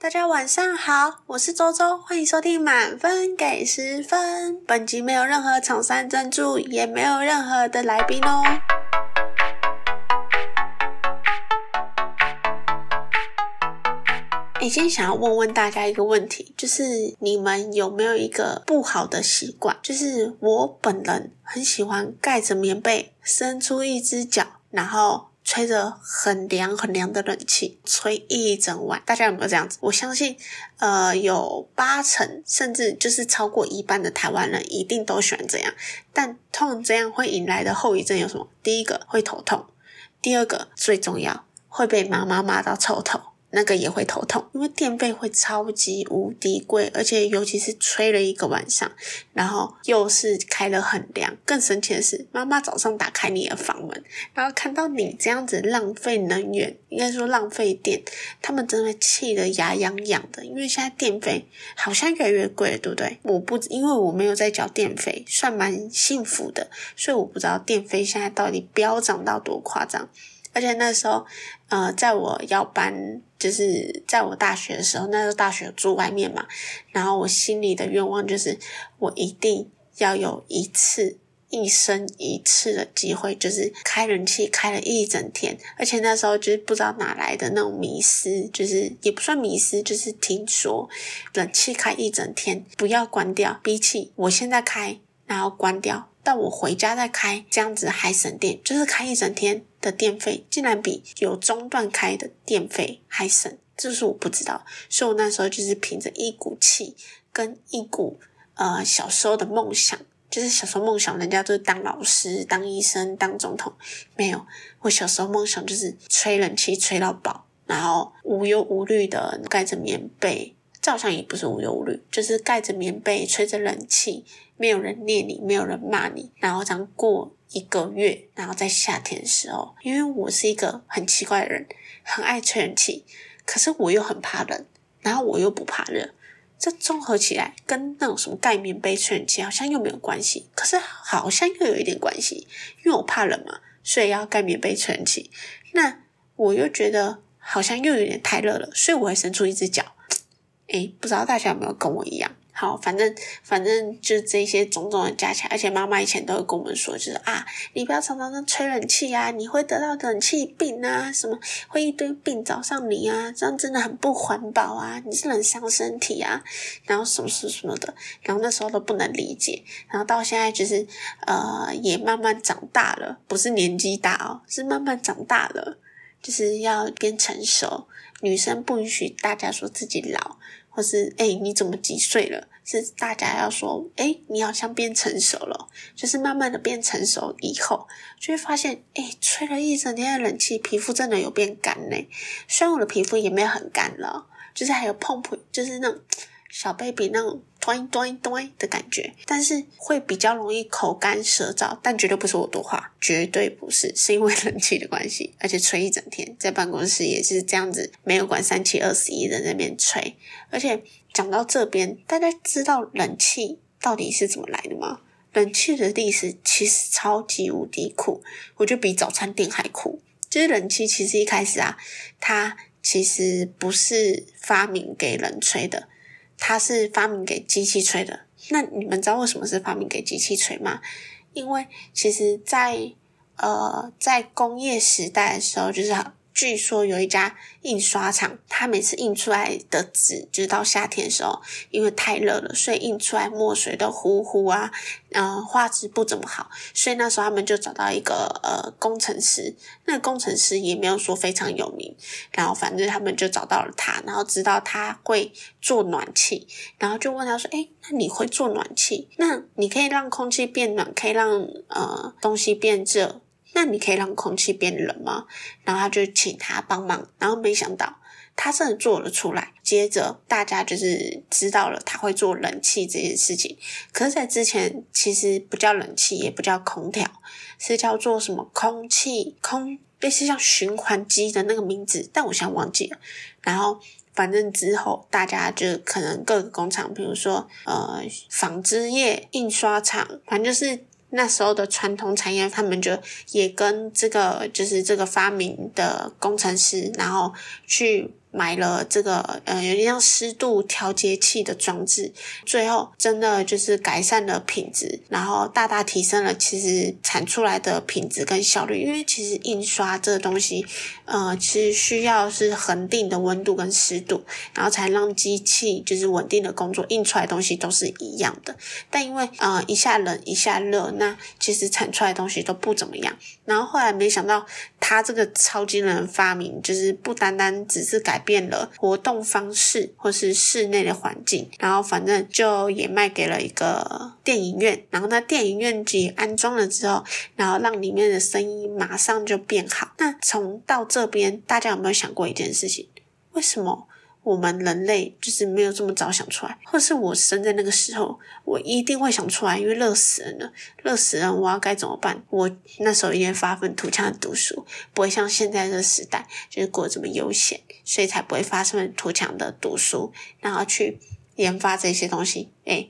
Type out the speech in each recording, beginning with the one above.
大家晚上好，我是周周，歡迎收聽《滿分給十分》。本集沒有任何廠商贊助，也沒有任何的來賓哦。今天想要問問大家一個問題，就是你們有沒有一個不好的習慣？就是我本人很喜歡蓋着棉被伸出一隻腳，然後。吹着很涼很涼的冷氣，吹一整晚，大家有沒有這樣子？我相信，呃，有八成甚至就是超過一半的台灣人一定都喜歡這樣。但通常這樣會引來的後遺症有什麼？第一個會頭痛，第二個最重要會被媽媽罵到臭頭。那個也會頭痛，因為電費會超級無敵貴，而且尤其是吹了一個晚上，然後又是開了很涼。更神奇的是，媽媽早上打開你的房門，然後看到你這樣子浪費能源，應該說浪費電，他們真的氣得牙癢癢的。因為現在電費好像越來越貴了，對不對？我不，因為我沒有在繳電費，算蠻幸福的，所以我不知道電費現在到底飆漲到多誇張。而且那時候，呃，在我要搬，就是在我大學的時候，那時候大學住外面嘛，然後我心裡的願望就是，我一定要有一次一生一次的機會，就是開冷氣開了一整天。而且那時候就是不知道哪來的那種迷思，就是也不算迷思，就是聽說冷氣開一整天不要關掉，比起我現在開然後關掉。那我回家再開，這樣子還省電，就是開一整天的電費，竟然比有中斷開的電費還省，這，就是我不知道。所以我那時候就是憑着一股氣跟一股呃小時候的夢想，就是小時候夢想，人家都是當老師、當醫生、當總統，沒有，我小時候夢想就是吹冷氣吹到飽，然後無憂無慮的蓋着棉被。好像也不是無憂無慮，就是蓋着棉被吹着冷氣，沒有人念你，沒有人罵你，然後這樣過一個月。然後在夏天的時候，因為我是一個很奇怪的人，很愛吹冷氣，可是我又很怕冷，然後我又不怕熱，這綜合起來跟那種什麼蓋棉被吹冷氣好像又沒有關係，可是好像又有一點關係，因為我怕冷嘛，所以要蓋棉被吹冷氣。那我又覺得好像又有點太熱了，所以我會伸出一隻腳。哎、欸，不知道大家有沒有跟我一樣？好，反正反正就這些種種的加起來，而且媽媽以前都會跟我們說，就是啊，你不要常常在吹冷氣啊，你會得到冷氣病啊，什麼會一堆病找上你啊，這樣真的很不環保啊，你是很傷身體啊，然後什麼什麼什麼的，然後那時候都不能理解，然後到現在就是呃，也慢慢長大了，不是年紀大哦，是慢慢長大了。就是要變成熟，女生不允許大家說自己老，或是誒、欸、你怎麼幾歲了？是大家要說誒、欸、你好像變成熟了，就是慢慢的變成熟以後，就會發現誒、欸、吹了一整天的冷氣，皮膚真的有變乾嘞。雖然我的皮膚也沒有很乾了，就是還有碰碰，就是那種。小 baby 那種哆一哆一哆的感覺，但是會比較容易口乾舌燥，但絕對不是我多話，絕對不是，是因為冷氣的關係，而且吹一整天，在辦公室也是這樣子，沒有管三七二十一的在那邊吹。而且講到這邊，大家知道冷氣到底是怎麼來的嗎？冷氣的歷史其實超級無敵酷，我覺得比早餐店還酷。就是冷氣其實一開始啊，它其實不是發明給人吹的。它是發明給機器吹的，那你們知道為什麼是發明給機器吹嗎？因為其實在，在呃，在工業時代的時候，就是。據說有一家印刷廠，他每次印出來的紙，直、就是、到夏天的時候，因為太熱了，所以印出來墨水都糊糊啊，呃，畫質不怎麼好。所以那時候他們就找到一個呃工程師，那個工程師也沒有說非常有名，然後反正他們就找到了他，然後知道他會做暖氣，然後就問他說：“哎，那你會做暖氣？那你可以讓空氣變暖，可以讓呃東西變熱。”那你可以讓空氣變冷嗎？然後他就請他幫忙，然後沒想到他真的做了出來。接着大家就是知道了他會做冷氣這件事情。可是，在之前其實不叫冷氣，也不叫空調，是叫做什麼空氣空，類似像循環機的那個名字，但我現在忘記了。然後反正之後大家就可能各個工廠，比如說呃紡織業、印刷廠，反正就是。那時候的傳統產業，他們就也跟這個，就是這個發明的工程師，然後去，買了這個，呃，有點像濕度調節器的裝置，最後真的就是改善了品質，然後大大提升了其實產出來的品質跟效率。因為其實印刷這個東西，呃，其實需要是恆定的溫度跟濕度，然後才讓機器就是穩定的工作，印出來的東西都是一樣的。但因為呃一下冷一下熱，那其實產出來的東西都不怎麼樣。然後後來沒想到他這個超驚人發明，就是不單單只是改。改變了活動方式，或是室內的環境，然後反正就也賣給了一個電影院，然後那電影院也安裝了之後，然後讓裡面的聲音馬上就變好。那從到這邊，大家有沒有想過一件事情？為什麼？我們人類就是沒有這麼早想出來，或者是我生在那個時候，我一定會想出來，因為熱死人了呢，熱死了，我要該怎麼辦？我那時候應該發憤圖強的讀書，不會像現在的時代，就是過這麼悠閒，所以才不會發憤圖強的讀書，然後去研發這些東西。哎，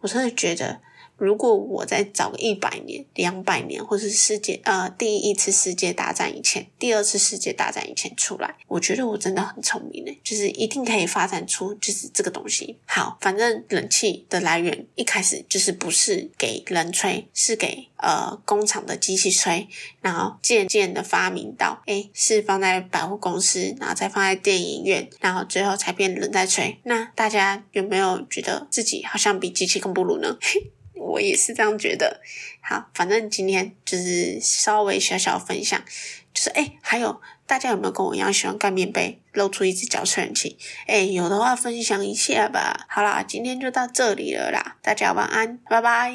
我真的覺得。如果我再找個一百年、兩百年，或是世界，呃，第一次世界大戰以前、第二次世界大戰以前出來，我覺得我真的很聰明咧，就是一定可以發展出就是這個東西。好，反正冷氣的來源一開始就是不是給人吹，是給，呃，工廠的機器吹，然後漸漸的發明到欸，是放在百貨公司，然後再放在電影院，然後最後才變人在吹。那大家有沒有覺得自己好像比機器更不如呢？ 我也是這樣覺得。好，反正今天就是稍微小小分享，就是誒、欸、還有大家有沒有跟我一樣喜歡蓋棉被，露出一隻腳吃人情？哎、欸，有的話分享一下吧。好啦，今天就到這裡了啦，大家晚安，拜拜。